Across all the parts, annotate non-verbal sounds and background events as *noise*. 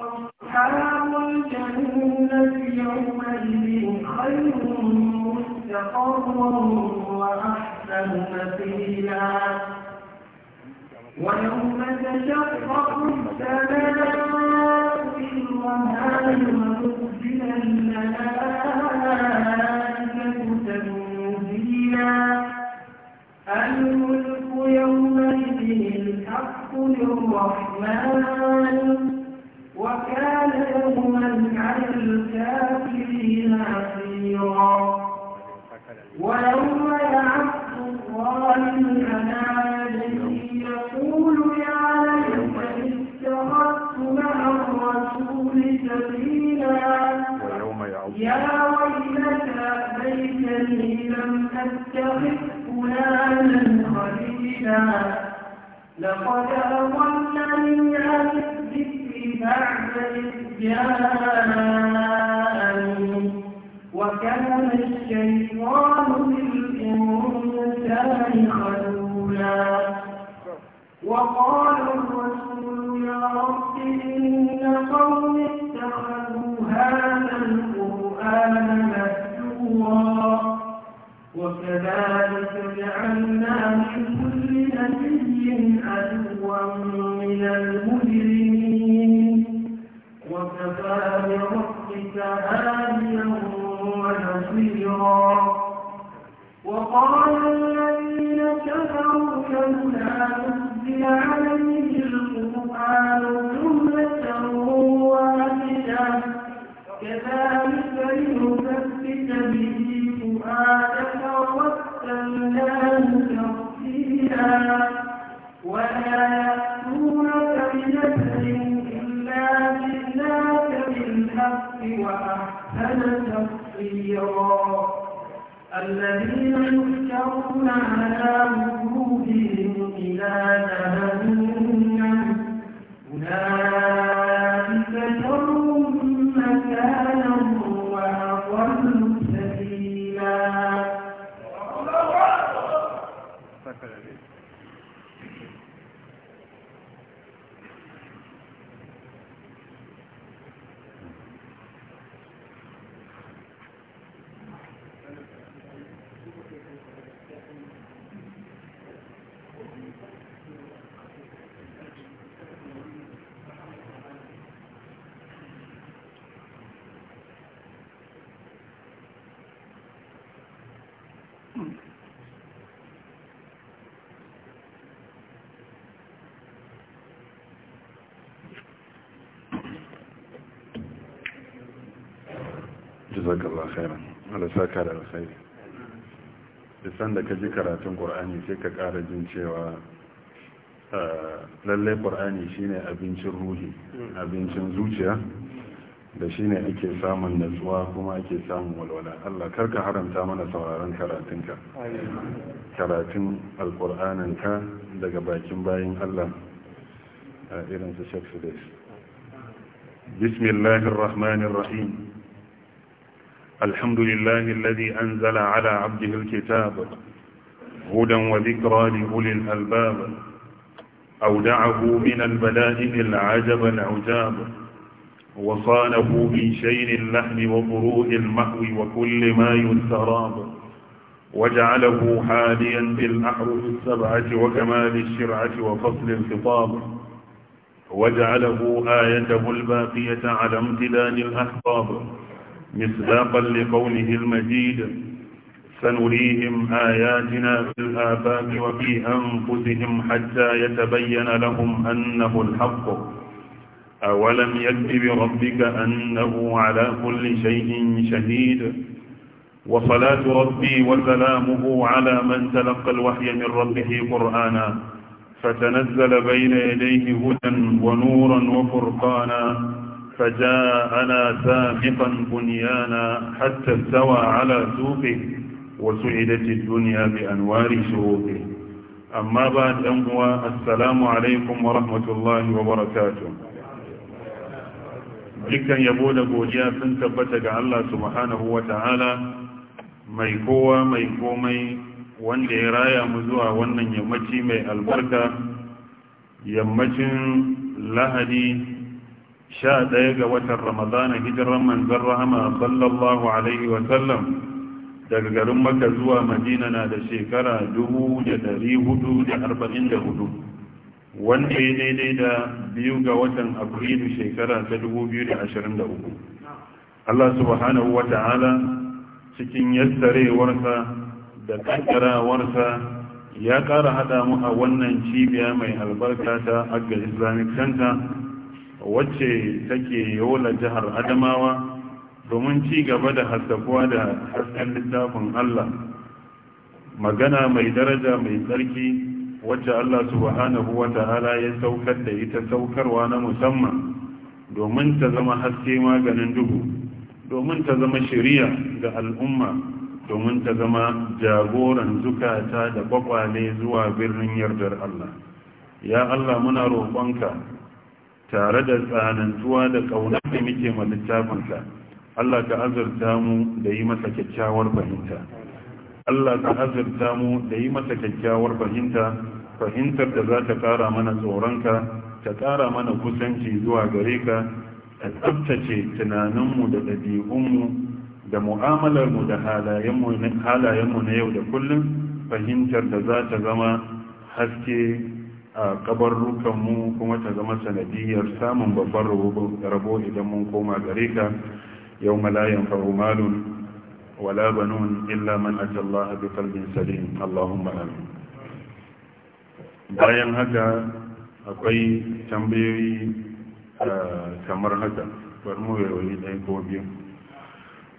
أصحاب الجنة يومئذ خير مستقر وأحسن مقيلا ويوم تشقق السماء بالرهان ونزل الملائكة تنزيلا الملك يومئذ الحق للرحمن الرحمن وكان يوما على الكافرين عسيرا لقد أضل من أهل الذكر بعد إذ وكان الشيطان للإنسان خذولا وقال الرسول يا رب إن قوم اتخذوا هذا القرآن مهجورا وكذلك جعلنا من وقال الذين كفروا لولا نزل عليه alkhairan Allah saka da alkhairi isan da ka ji karatun qur'ani sai ka ƙara jin cewa ah, lalle ƙur'ani shine abincin ruhi abincin zuciya da shine ake samun natsuwa kuma ake samun walwala Allah kar ka haramta mana sauraron karatunka karatun ka daga bakin bayin Allah ah, irin su Sheikh Sudesh بسم الله الحمد لله الذي أنزل على عبده الكتاب هدى وذكرى لأولي الألباب أودعه من البلاء العجب العجاب وصانه من شين اللحم وضروء المهو وكل ما يستراب وجعله حاليا بالأحرف السبعة وكمال الشرعة وفصل الخطاب وجعله آيته الباقية على امتداد الأحباب مصداقا لقوله المجيد سنريهم آياتنا في الآفاق وفي أنفسهم حتى يتبين لهم أنه الحق أولم يكتب ربك أنه على كل شيء شهيد وصلاة ربي وسلامه على من تلقى الوحي من ربه قرآنا فتنزل بين يديه هدى ونورا وفرقانا فجاءنا سامقا بنيانا حتى استوى على سوقه وسعدت الدنيا بأنوار شروقه أما بعد أموى السلام عليكم ورحمة الله وبركاته dukkan yabo da godiya sun tabbata ga Allah subhanahu wa ta'ala mai kowa mai komai wanda ya raya mu zuwa wannan yammaci mai albarka yammacin lahadi sha ɗaya ga watan ramadana hijiran manzan rahama sallallahu alaihi wasallam daga garin maka zuwa madina na da shekara 444 wanda ya daidai da biyu ga watan afrilu shekara ta 2023 allah subhanahu wa ta'ala cikin yastarewarsa da kankarawarsa ya ƙara haɗa mu a wannan cibiya mai albarka ta agga islamic center wacce take yola jihar adamawa domin ci gaba da hasafuwa da hasken littafin allah magana mai daraja mai tsarki wacce allah subhanahu wa ta'ala ya saukar da ita saukarwa na musamman domin ta zama haske maganin duhu domin ta zama shiriya ga al'umma domin ta zama jagoran zukata da kwakwale zuwa birnin yardar allah ya allah muna roƙonka tare da tsanantuwa da ƙaunar da muke ma littafinka Allah ka azurta mu da yi masa kyakkyawar fahimta Allah ka azurta mu da yi masa kyakkyawar fahimta fahimtar da za ta ƙara mana tsoronka ta ƙara mana kusanci zuwa gare ka ta tsabtace tunaninmu da ɗabi'unmu da mu'amalarmu da halayenmu na yau da kullum fahimtar da za ta zama haske a kabarrukanmu kuma ta zama sanadiyar samun babban rabo idan mun koma gare ka yau malayan farumalun wala banun illa man ajallaha bi qalbin salim allahumma amin bayan haka akwai tambayoyi a kamar haka bari mu yawayi ɗaya ko biyu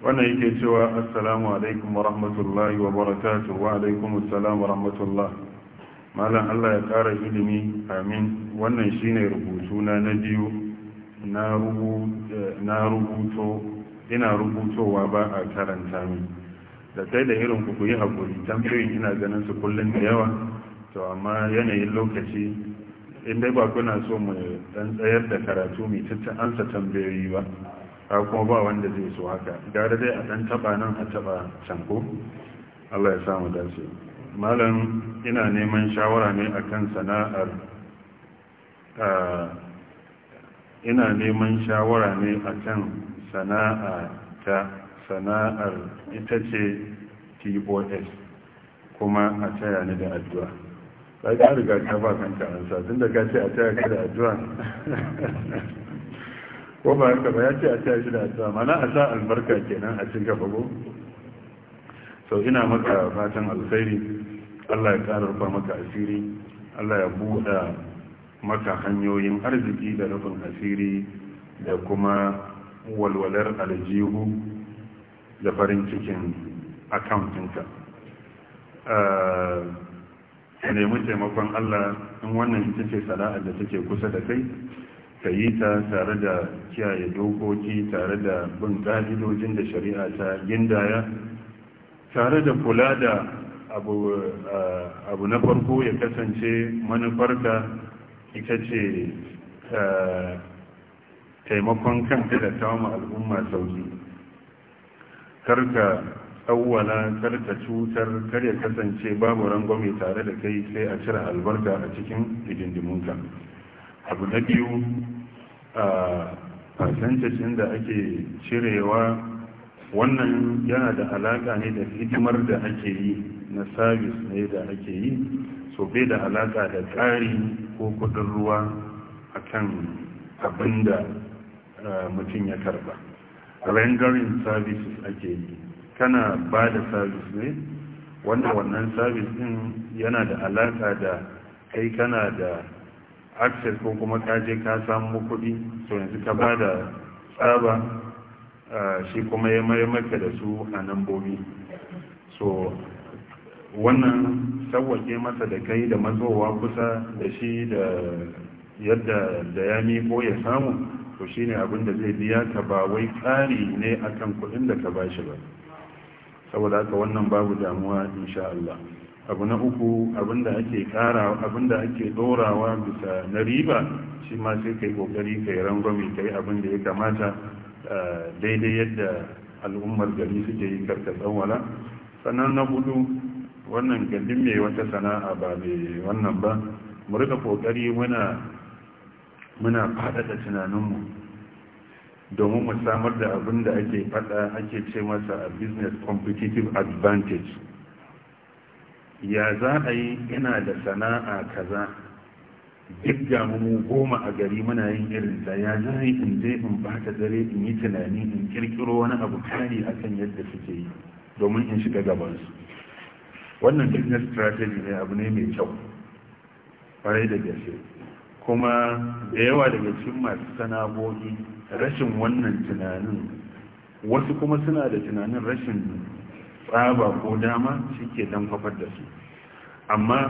wannan yake cewa assalamu alaikum wa rahmatullahi wa barakatuh wa alaikum assalam wa rahmatullahi. malam Allah ya ƙara ilimi amin wannan shine rubutuna na biyu eh, na rubuto ina rubutowa ba a karanta min da sai da irin ku yi hakuri, tamfiyin ina ganin su kullum da yawa to amma yanayin lokaci in dai ba kuna so mu dan tsayar da karatu mai tattan ansa tambayoyi ba a kuma ba wanda zai so haka gara dai a dan taba nan a taba can ko Allah ya samu dace malam ina neman shawara ne akan sana'ar ina neman shawara ne akan sana'a ta sana'ar ita ce TOS kuma a taya ni da addu'a ba ka riga ta ba kan karansa tun da ka ce a taya ka da addu'a *laughs* ko ba ka ba ya ce a taya shi da addu'a mana a sa albarka kenan a cin gaba ko so ina maka fatan alkhairi Allah ya ƙara rufa maka asiri Allah ya buɗa maka hanyoyin arziki da rufin asiri da kuma walwalar aljihu da farin cikin akauntinka eh, A nemi taimakon Allah in wannan ita ce sana'ar da take kusa da kai ka yi ta tare da kiyaye dokoki tare da bin ƙa'idojin da shari'a ta gindaya tare da kula da Eh, abu na farko ya kasance manufarka ita ce eh, taimakon kanta da kama al'umma sauki karka tsawwala karka cutar kar ya kasance babu rangwame tare da kai sai a cire albarka a cikin idindimunka abu na biyu a eh, fasantashin da ake cirewa wannan yana da alaƙa ne da hidimar da ake yi na sabis ne da ake yi so bai da alaka da tsari ko kudin ruwa akan abin da mutum ya karba rendering services ake yi kana ba da sabis ne wanda wannan sabis din yana da alaka da kai kana da access ko kuma kaje ka samu kuɗi so yanzu ka ba da tsaba shi kuma ya maka da su a nan nambobi so wannan sauwake masa da kai da matsowa kusa da shi da yadda da ya miko ya samu to shi ne abin zai biya ka ba wai ƙari ne a kan kuɗin da ka bashi ba saboda haka wannan babu damuwa insha Allah abu na uku abin ake kara abinda ake ɗorawa bisa na riba shi ma sai kai ƙoƙari kai rangwame kai abin ya kamata eh, daidai yadda al'ummar gari suke yi karka tsawala sannan na hudu wannan gandun mai wata sana'a ba mai wannan ba mu rika kokari muna muna faɗaɗa tunaninmu domin mu samar da abin da ake faɗa ake ce masa a business competitive advantage ya za a yi ina da sana'a kaza duk mu goma a gari muna yin irin da ya za yi in je in ba ta dare in yi tunani in kirkiro wani abu kari akan yadda suke yi domin in shiga gabansu wannan business strategy ne abu ne mai kyau kwarai da gaske kuma da yawa daga cikin masu sana'o'i rashin wannan tunanin wasu kuma suna da tunanin rashin tsaba ko dama suke dan kwafar da su amma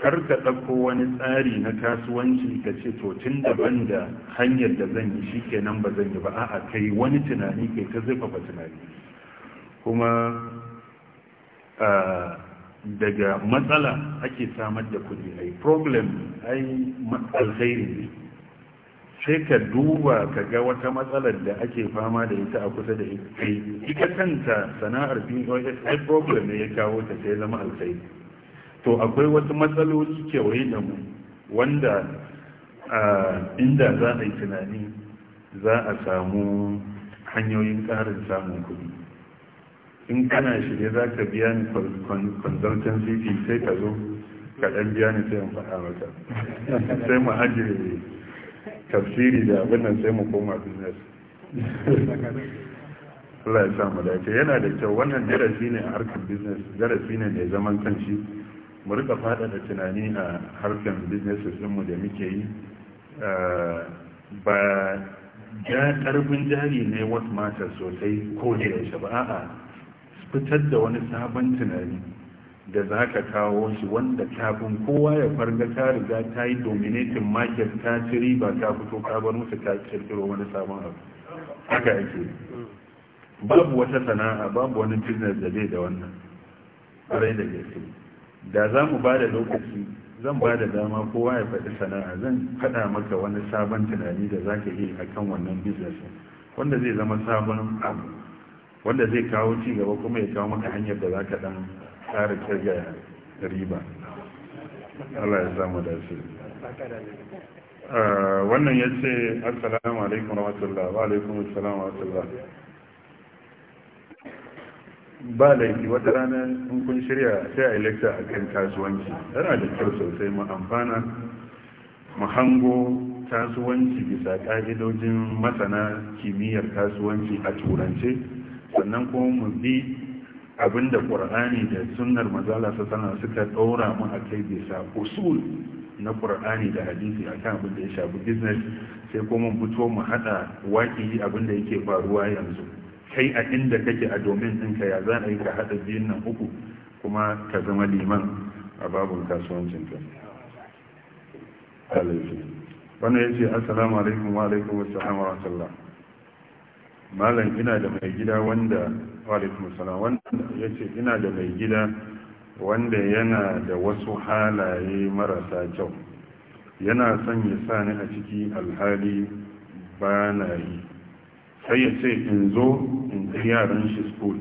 kar ka ɗauko wani tsari na kasuwanci ka ce to tun daban da hanyar da zan yi shi kenan ba zan yi ba a'a kai wani tunani kai ta zai tunani kuma ah, daga matsala ake samar da kudi ai problem ai alkhairi ne sai ka duba ka ga wata matsalar da ake fama da ita a kusa da ita ita kanta sana'ar pos ai problem ne ya kawo ta sai zama alkhairi to akwai wasu matsaloli kewaye da mu wanda inda za a yi tunani za a samu hanyoyin ƙarin samun kudi in kana shirye za ka biya ni consultancy fee sai ka zo ka biya ni sai in faɗa maka sai mu ajiye tafsiri da abin sai mu koma business Allah ya samu dace yana da kyau wannan darasi ne a harkar business darasi ne mai zaman kanshi mu rika da tunani a harkar business mu da muke yi ba ja ƙarfin jari ne what matters sosai ko da yaushe ba a'a fitar da wani sabon tunani da za ka kawo shi wanda kafin kowa ya farga ta riga ta yi dominatin market ta ci riba ta fito ka bar musu ta kirkiro wani sabon abu haka yake babu wata sana'a babu wani business da zai da wannan ƙwarai da gaske da za mu ba da lokaci zan ba da dama kowa ya faɗi sana'a zan faɗa maka wani sabon tunani da za ka yi akan wannan business wanda zai zama sabon abu wanda zai kawo ci gaba kuma ya kawo maka hanyar da za ka dan tsara kirga riba Allah ya samu da su ah, wannan ya ce assalamu alaikum rahmatullah wa alaikum assalamu rahmatullah ba laifi wata rana in kun shirya sai a yi lecture a kan kasuwanci yana da kyau sosai mu amfana mu hango kasuwanci bisa ƙa'idojin masana kimiyyar kasuwanci a turance sannan kuma mu bi abinda qur'ani da sunar mazala ta sana suka ɗaura mu a kai bisa usul na qur'ani da hadisi akan abin da ya shafi business sai kuma fito mu haɗa waki abin da yake faruwa yanzu kai a inda kake a domin ɗinka ya za a yi ka haɗa biyun nan uku kuma ka zama liman a babun kasuwancin ka wannan ya ce assalamu alaikum wa alaikum wa rahmatullah malam ina da mai gida wanda salam wanda ya ina da mai gida wanda yana da wasu halaye marasa kyau yana son ya sa ni a ciki alhali ba na yi sai ya ce in zo in yaran shi school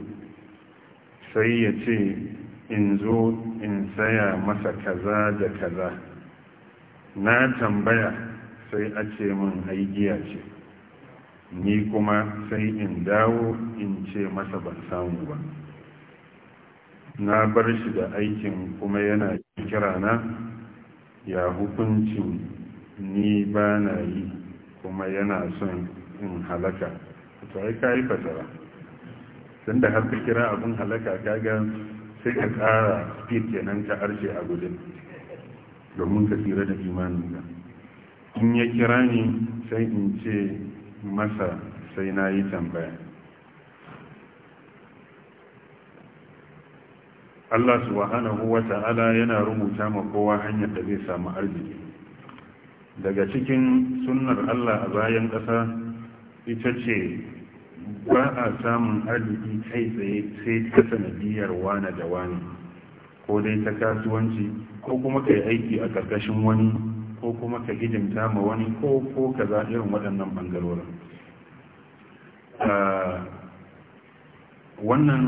sai ya ce in zo in saya masa kaza da kaza na tambaya sai a ce min haigiya ce ni kuma sai in dawo in ce masa ban samu ba na bar shi da aikin kuma yana kirana ya hukuncin ni ba na yi kuma yana son in halaka to ai ka yi fasara tun da har kira abin halaka kaga sai ka kara speed kenan ka harshe a gudun domin ka tsira da imanin ka in ya kira ni sai in ce masa sai na yi tambaya Allah subhanahu wa ta'ala yana rubuta ma kowa hanyar da zai samu arziki daga cikin sunnar Allah a bayan ƙasa ita ce ba a samun arziki kai tsaye sai ta sanadiyar wane da wani ko dai ta kasuwanci ko kuma kai aiki a ƙarƙashin wani ko kuma ka gijimta ma wani ko ko ka za irin waɗannan ɓangarorin ah, wannan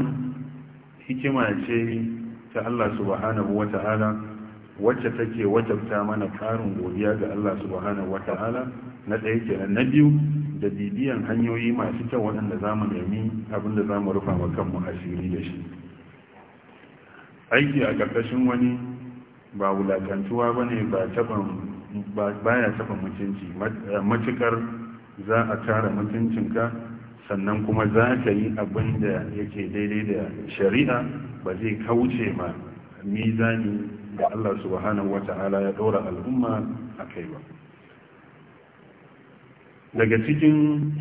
hikima ce ta Allah subhanahu wa ta'ala wacce take wajabta mana karin godiya ga Allah subhanahu wa ta'ala na ɗaya ke na biyu da bibiyan hanyoyi masu kyau waɗanda za mu nemi abin da za mu rufa wa kanmu asiri da shi aiki a ƙarƙashin wani ba wulaƙantuwa ba ne ba taɓa baya taɓa mutunci eh, matukar za a tara mutuncinka sannan kuma za ka yi abin da yake daidai da shari'a ba zai kauce ma mizani da Allah subhanahu wa ta'ala ya ɗora al'umma a kai ba daga cikin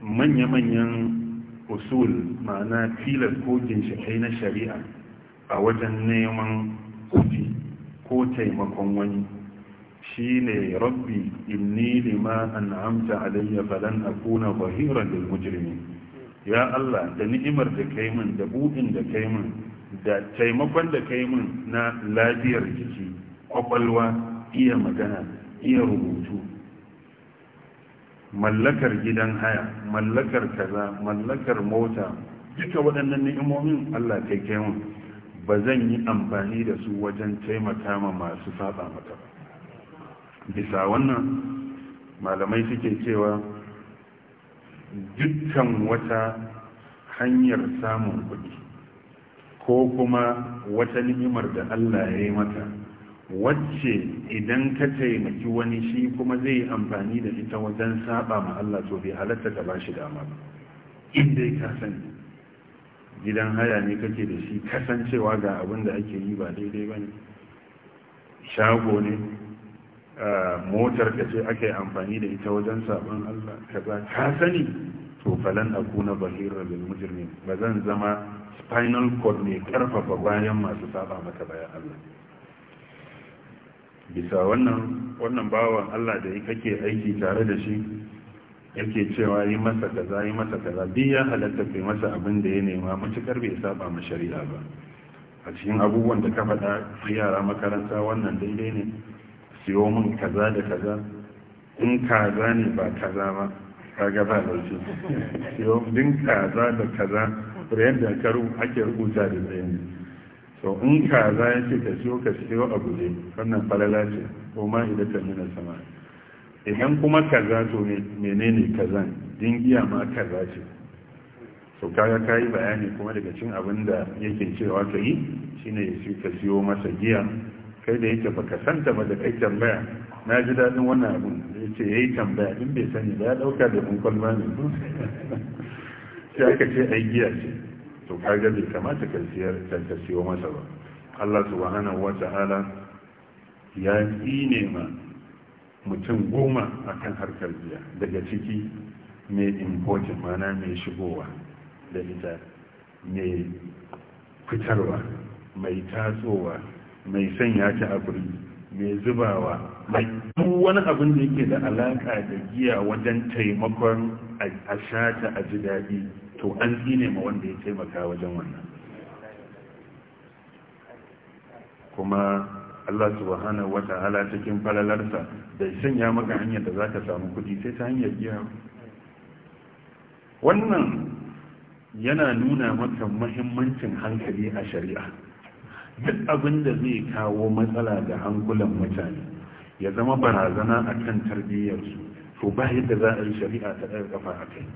manya-manyan usul ma'ana filar ko ginshikai na shari'a a wajen neman kuɗi ko taimakon wani shine rabbi inni lima an'amta alayya falan akuna zahiran lil mujrimin ya Allah da ni'imar da kai min da buɗin da kai min da taimakon da kai min na lafiyar jiki kwakwalwa iya magana iya rubutu mallakar gidan haya mallakar kaza mallakar mota duka waɗannan ni'imomin Allah kai kai min ba zan yi amfani da su wajen taimaka ma masu saba maka ba bisa wannan malamai suke cewa dukkan wata hanyar samun kuɗi ko kuma wata ni'imar da Allah ya yi mata wacce idan ka taimaki wani shi kuma zai yi amfani da ita wajen saba ma Allah to bai halatta ka ba shi dama ba inda ka sani gidan haya ne kake da shi kasancewa ga abin da ake yi ba daidai ba ne shago ne Eh, motar da ce aka yi amfani da ita wajen sabon Allah kaza ka sani to falan akuna bahirar lil mujrimin ba zan zama spinal cord ne karfafa bayan masu saba mata bayan Allah bisa wannan wannan bawan Allah da kake aiki tare da shi yake cewa yi masa kaza yi masa kaza Biya ya halatta kai masa abin da ya nema mutukar bai saba ma shari'a ba a cikin abubuwan da ka faɗa yara makaranta wannan daidai ne siyo min kaza da kaza in kaza ne ba kaza ba kaga ba lauci siyo din kaza da kaza rayan da ka ake rubuta da tsayin so in kaza ya ce ka siyo ka siyo a guje wannan falala ce ko ma idan ta nuna sama idan kuma kaza to menene kaza din giya ma kaza ce to kaga ka yi bayani kuma daga cin abin da yake cewa ka yi shine ya ka siyo masa giya kai da yake baka ta ba da kai tambaya na ji daɗin wannan abin ya ce ya yi tambaya in bai sani ba ya ɗauka da mun kwalba ne *laughs* sai aka ce ai giya ce to ka ga bai kamata ka siyar ka siyo masa ba Allah subhanahu wa ta'ala ya ne ma mutum goma akan harkar biya daga ciki mai important mana mai shigowa da ita mai fitarwa mai tasowa. mai sanya ta a guri mai zubawa mai duk wani abin da yake da alaka da giya wajen taimakon a shata a ji daɗi to an tsine ma wanda ya taimaka wajen wannan kuma Allah subhanahu wata'ala cikin falalarsa da sanya maka hanyar da za zaka samu kuɗi sai ta hanyar giya wannan yana nuna maka muhimmancin hankali a shari'a duk abin da zai kawo matsala ga hankulan mutane ya zama barazana a kan tarbiyyarsu to ba yadda za a yi shari'a ta ɗaya kafa a kai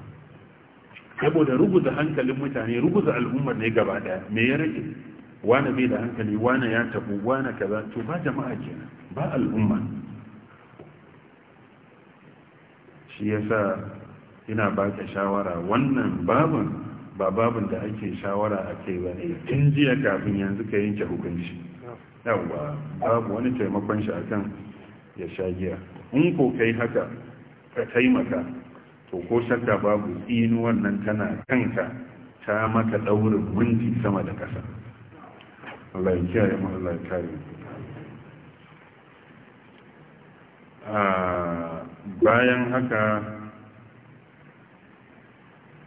saboda ruguza hankalin mutane ruguza al'ummar ne gaba ɗaya me ya rage wane bai da hankali wane ya tabu wane kaza to ba jama'a kenan ba al'umma shi yasa ina baka shawara wannan babin ba babin da ake shawara a kai ba ne tun jiya kafin yanzu ka yanke hukunci yawwa babu wani taimakon shi akan ya sha giya in ko kai haka ka taimaka to ko shakka babu inu wannan tana kanka ta maka ɗaurin minti sama da ƙasa. Allah ah, bayan haka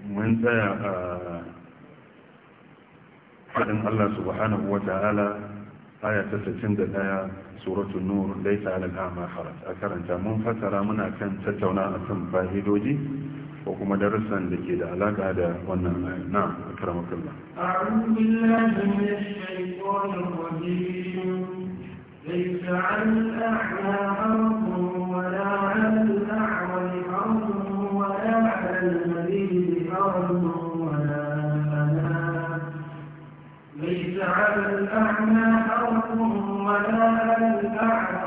mun tsaya a faɗin Allah subhanahu wa ta'ala aya ta 61 suratul nur ta ala ma kharaj a karanta mun fassara muna kan tattauna akan fahidoji ko kuma darussan da ke da alaka da wannan aya na akramakallah a'udhu billahi minash shaitanir rajim ليس عن الأعلى حرف ولا عن الأعوى الذين أرضوا ولا أنا ليس على الأعمى حرب ولا الأعمى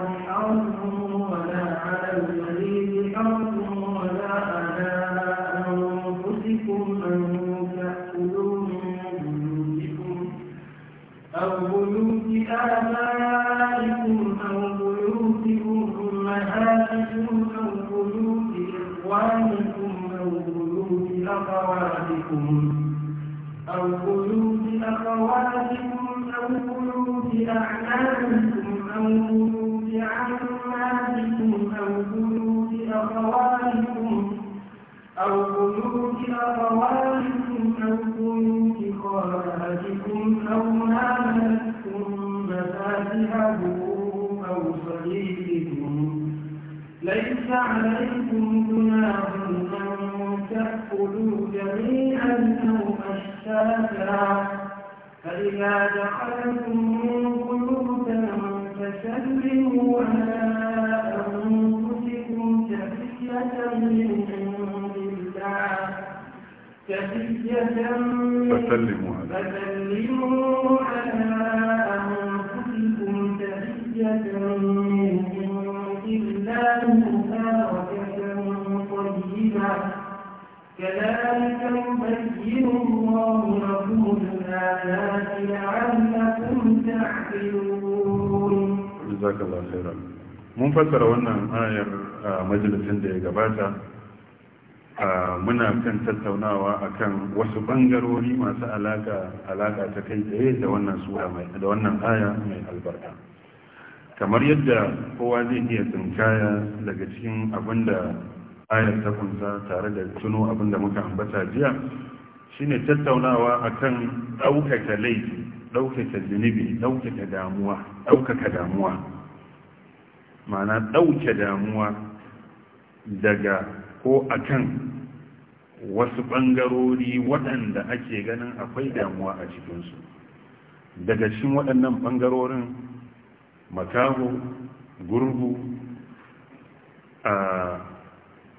عليكم أن تأكلوا جميعا أو أشتاتا فإذا دخلتم بيوتا فسلموا على أنفسكم تحية من عند الله تحية فسلموا كذلك يبين الله لكم الآيات لعلكم تعقلون جزاك الله خيرا mun fassara wannan ayar a majalisin da ya gabata a muna kan tattaunawa akan wasu bangarori masu alaka ta kai tsaye da wannan aya mai albarka kamar yadda kowa zai iya tsinkaya daga cikin abin da ayar ta tare da tuno abin da muka ambata jiya shine tattaunawa akan ɗaukaka laifi ɗaukaka zunubi ɗaukaka damuwa ɗaukaka damuwa ma'ana ɗauke damuwa daga ko akan wasu ɓangarori waɗanda ake ganin akwai damuwa a cikinsu daga cikin waɗannan ɓangarorin makaho gurgu a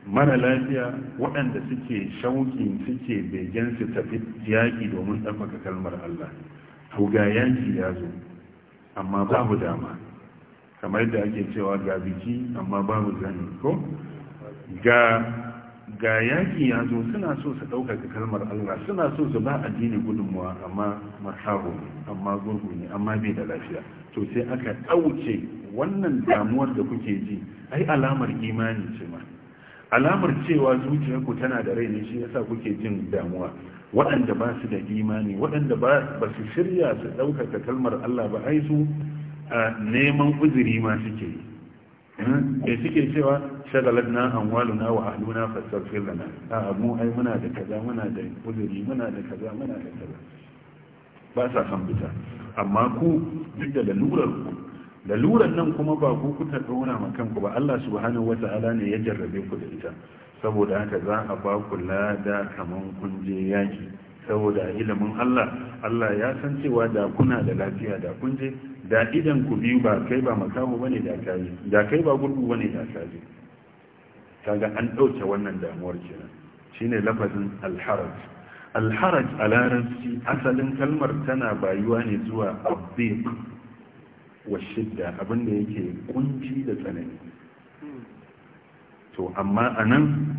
mara lafiya waɗanda suke shauƙi suke begen su tafi yaƙi domin ɗaukaka kalmar Allah to ga yaƙi ya zo amma babu dama kamar yadda ake cewa ga biki amma babu zani ko ga ga yaƙi ya zo suna so su ɗaukaka kalmar Allah suna so su ba addini gudunmuwa amma makaho amma gurgu ne amma bai da lafiya to sai aka ɗauke wannan damuwar da kuke ji ai alamar imani ce ma alamar cewa zuciyarku tana da rai ne shi yasa kuke jin damuwa waɗanda ba su da imani waɗanda ba su shirya su ɗaukaka kalmar Allah ba ai su neman uzuri ma suke yi da hmm? suke cewa shagalar na na wa ahluna fassarfir na. a mu ai muna da kaza muna da uzuri muna da kaza muna da kaza ba sa san fita amma ku duk da lalurar ku laluran nan kuma ba ku kuta ɗora ma kanku ba Allah subhanahu wata'ala ne ya jarrabe ku da ita saboda haka za a ba ku lada kaman kun je yaki saboda ilimin Allah Allah ya san cewa da kuna da lafiya da kun je da idan ku biyu ba kai ba makamu bane da kaji da kai ba gurbu bane da kaji kaga an ɗauke wannan damuwar kenan shine lafazin alharaj alharaj a larabci asalin kalmar tana bayuwa ne zuwa abdiq wa shidda abinda yake kunci da tsanani to amma anan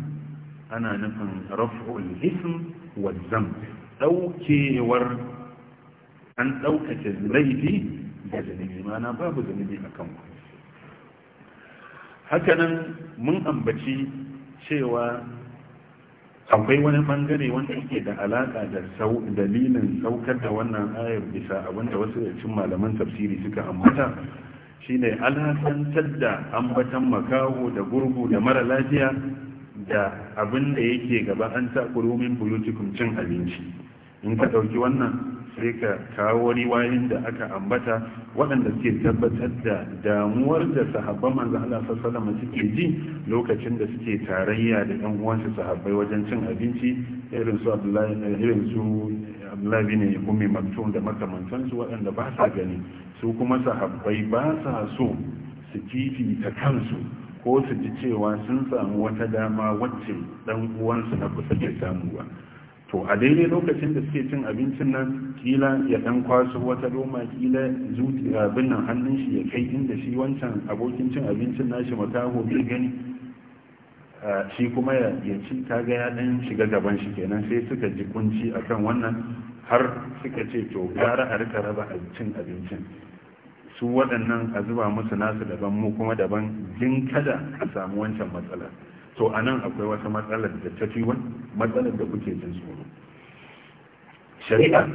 ana nufin raf'ul ism wa zam daukewar an daukace laifi da zunubi mana babu zunubi a kan hakanan mun ambaci cewa akwai wani bangare wanda ke da alaka da dalilin saukar da wannan ayar bisa abinda wasu da cin malaman tafsiri suka ambata Shi shine alhassantar da ambatan makaho da gurgu da mara lafiya da abin da yake gaba an sa min buyutikum cin abinci in ka ɗauki wannan sai ka kawo wayin da aka ambata waɗanda suke tabbatar da damuwar da sahabban manzo Allah sallallahu alaihi suke ji lokacin da suke tarayya da ɗan uwansu sahabbai wajen cin abinci irin su Abdullahi ne ummi maktum da makamantan waɗanda ba sa gani su kuma sahabbai ba sa so su kifi ta kansu ko su ji cewa sun samu wata dama wacce ɗan uwansu na kusa ke samu to a daidai lokacin da suke cin abincin nan kila ya dan kwaso wata doma kila abin nan hannun shi ya kai inda shi wancan abokin cin abincin nashi mataho bai gani shi kuma ya ci ta ya dan shiga gaban shi kenan sai suka ji kunci akan wannan har suka ce to gara a rika raba cin abincin su waɗannan a zuba musu nasu daban mu kuma daban jin kada a samu wancan matsalar to a nan akwai wata matsalar da ta fi matsalar da kuke jin tsoro shari'a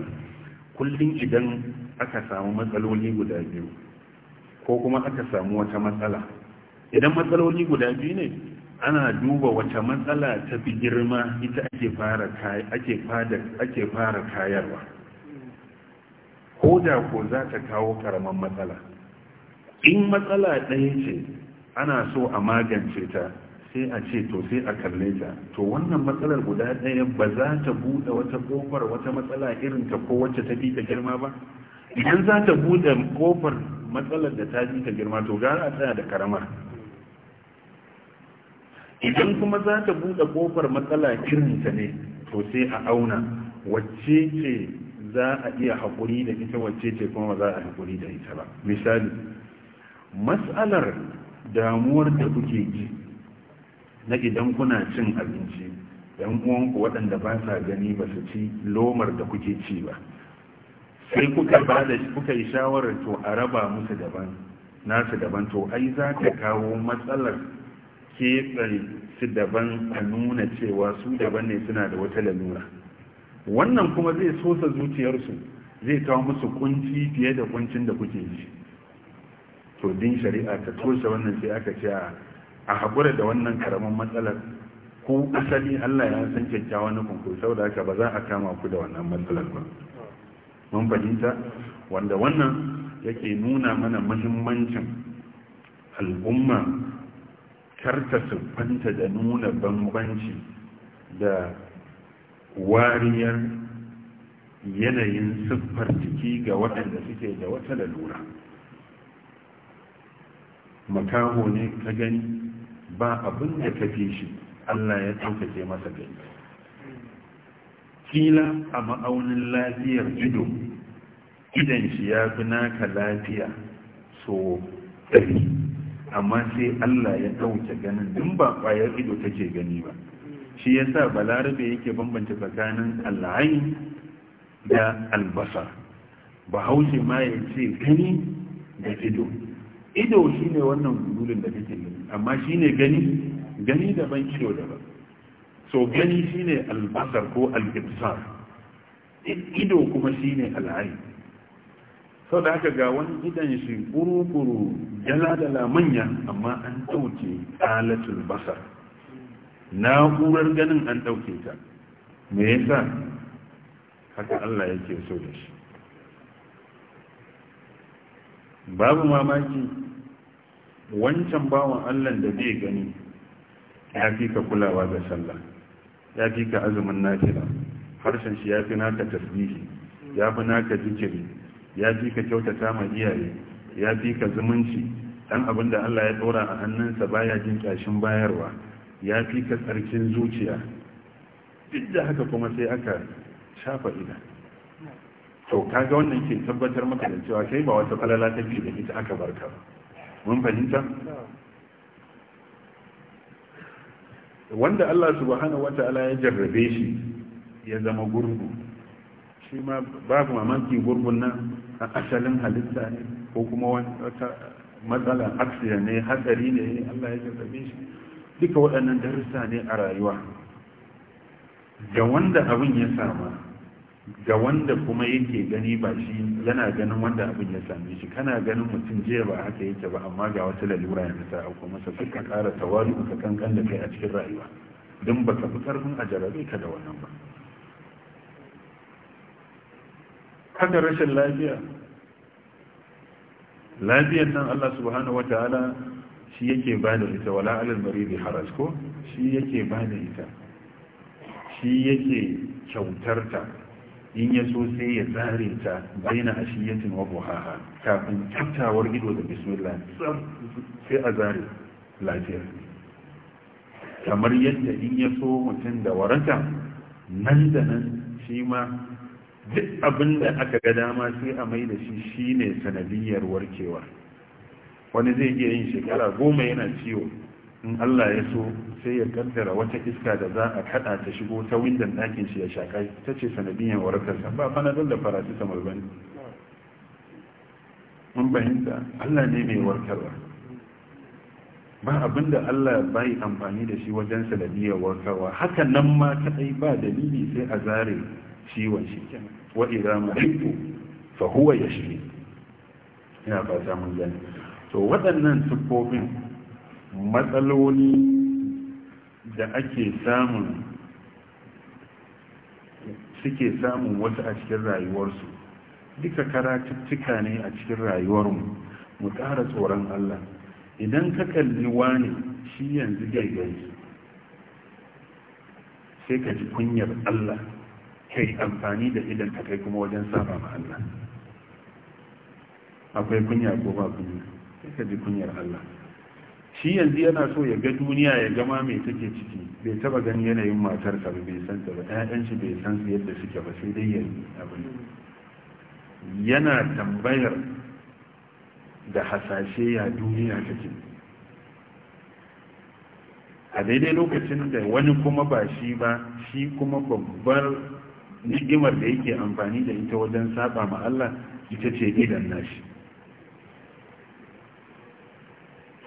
kullum idan aka samu matsaloli guda biyu ko kuma aka samu wata matsala idan matsaloli guda biyu ne ana duba wata matsala ta fi girma ita ake fara kayarwa ko da ko za ta kawo karamar matsala in matsala ɗaya ce ana so a magance ta sai a ce to sai a kalle ta to wannan matsalar guda ɗaya ba za ta buɗe wata ƙofar wata matsala irin ta ko wacce ta fi girma ba idan za ta buɗe ƙofar matsalar da ta fi ta girma to gara a tsaya da karamar idan kuma za ta buɗe ƙofar matsala irin ta ne to sai a auna wacce ce za a iya haƙuri da ita wacce ce kuma za a haƙuri da ita ba misali matsalar damuwar da kuke ji na idan kuna cin abinci yan uwanku waɗanda ba sa gani ba su ci lomar da kuke ci ba sai kuka ba kuka yi shawarar to a raba musu daban nasu daban to ai za ta kawo matsalar keɓe su daban a nuna cewa su daban ne suna da wata lalura wannan kuma zai sosa zuciyarsu zai kawo musu kunci fiye da kuncin da kuke yi. to din shari'a ta toshe wannan sai aka ce a a haƙura da wannan karamin matsalar ku asali Allah ya san na nufin ku saboda haka ba za a kama ku da wannan matsalar ba mun fahimta wanda wannan yake nuna mana muhimmancin al'umma karta siffanta da nuna bambanci da wariyar yanayin siffar jiki ga waɗanda suke da wata lalura makaho ne ka gani ba abin da fi shi Allah ya ɗaukake masa kai kila a ma'aunin lafiyar ido idan shi ya fi naka lafiya so ɗari amma sai Allah ya ɗauke ganin din ba ƙwayar ido take gani ba shi ya sa balarabe yake bambanta tsakanin alayi da albasa bahaushe ma ya ce gani da ido ido shine wannan maqasudin da kake amma shine gani gani daban da daban so gani shine albasar ko al ido kuma shine al-ayn sau da haka ga wani idan shi kuru-kuru dala manya amma an ɗauke alatul basar na'urar ganin an ɗauke ta me yasa haka Allah yake so da shi babu mamaki wancan bawan Allah da zai gani ya fi ka kulawa ga sallah ya fi ka azumin nafila harshen shi ya fi naka tasbihi ya fi naka zikiri ya fi ka kyautata ma iyaye ya fi ka zumunci dan abin da Allah ya dora a hannunsa baya jin kyashin bayarwa ya fi ka tsarkin zuciya duk da haka kuma sai aka shafa ina. to kaga wannan ke tabbatar maka da cewa kai ba wata falala take da ita aka barka ba mun fahimta wanda Allah subhanahu wata'ala ya jarrabe shi ya zama gurgu shi ma babu mamaki gurgun nan a asalin halitta ne ko kuma wata matsala aksiya ne hatsari ne Allah ya jarrabe shi duka waɗannan darussa ne a rayuwa da wanda abin ya sama ga wanda kuma yake gani ba shi yana ganin wanda abin ya same shi kana ganin mutum jiya ba haka yake ba amma ga wata lalura ya ta a masa sa suka ƙara tawali ka kankan da kai a cikin rayuwa don ba ka fi ƙarfin a jarabe ka da wannan ba haka rashin lafiya lafiyar nan Allah subhanahu wa ta'ala shi yake ba da ita wala alal maridi haraj ko shi yake ba da ita shi yake kyautarta in ya so sai ya tsare ta a ashiyatin wa buhaha kafin tattawar ido da bismillah sai a zare lafiya kamar yadda in ya so mutum da waranta nan da nan shi ma duk abin da aka ga dama sai a mai da shi shine sanadiyyar warkewa wani zai iya yin shekara goma yana ciwo in Allah ya so sai ya kaddara wata iska da za a kada ta shigo ta windon ɗakin shi ya shakai ta ce sanadiyyar warakarsa ba fana da paracetamol ta ne mun bayyanta Allah ne mai warkarwa ba abinda Allah bai amfani da shi wajen sanadiyan warkarwa haka nan ma kaɗai ba dalili sai a zare ciwon shi kenan wa idan mahaifu fa huwa yashfi ina fata mun gani to waɗannan siffofin matsaloli da ake samun suke samun wasu a cikin rayuwarsu duka karatuttuka ne a cikin rayuwarmu mu ƙara tsoron Allah idan ka kalli wani shi yanzu gaigai sai ka ji kunyar Allah Ka yi amfani da idan ka kai kuma wajen saba ma Allah akwai kunya ko ba kunya sai ka ji kunyar Allah shi yanzu yana so ya ga duniya ya gama mai take ciki bai taba gani yanayin matar ka, bai san ta ba ƴaƴan shi bai san yadda suke ba sai dai yanzu abin yana tambayar da hasashe ya duniya take a daidai lokacin da wani kuma ba shi ba shi kuma babbar ni'imar da yake amfani da ita wajen saba ma Allah ita ce idan nashi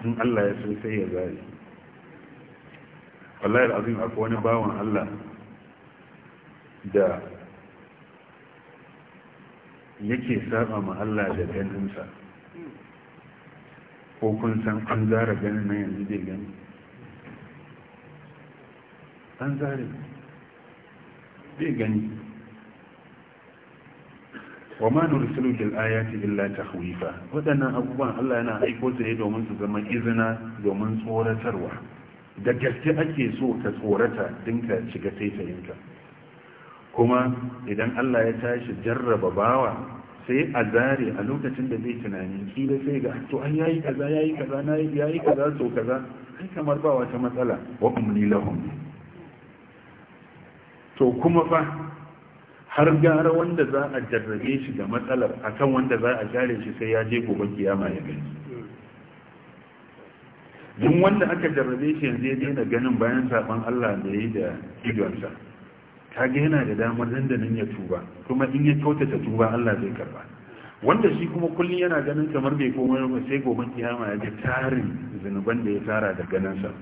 in Allah ya so sai ya zari wallahi azim akwai wani bawan Allah da yake saba ma Allah da ganinsa ko kun san an zara ganin na yanzu zai gani an zara zai gani wa ma nursilu bil ayati illa tahwifa wadannan abubuwan Allah yana aiko su ne domin su zama izina domin tsoratarwa da gaske ake so ka tsorata dinka shiga taitayinka kuma idan Allah ya tashi jarraba bawa sai a zare a lokacin da zai tunani kila sai ga to an yayi kaza yayi kaza na yayi kaza so kaza ai kamar ba wata matsala wa umli lahum to kuma fa har gara wanda za a jarrabe shi da matsalar akan wanda za a share shi sai ya je gobe kiyama ya gani duk wanda aka jarrabe shi yanzu ya daina ganin bayan saban Allah da yi da idonsa kage yana da damar dandanin ya tuba kuma in ya kyautata tuba Allah zai karba wanda shi kuma kullum yana ganin kamar bai komai ba sai gobe kiyama ya ji tarin zunuban da ya tara da ganinsa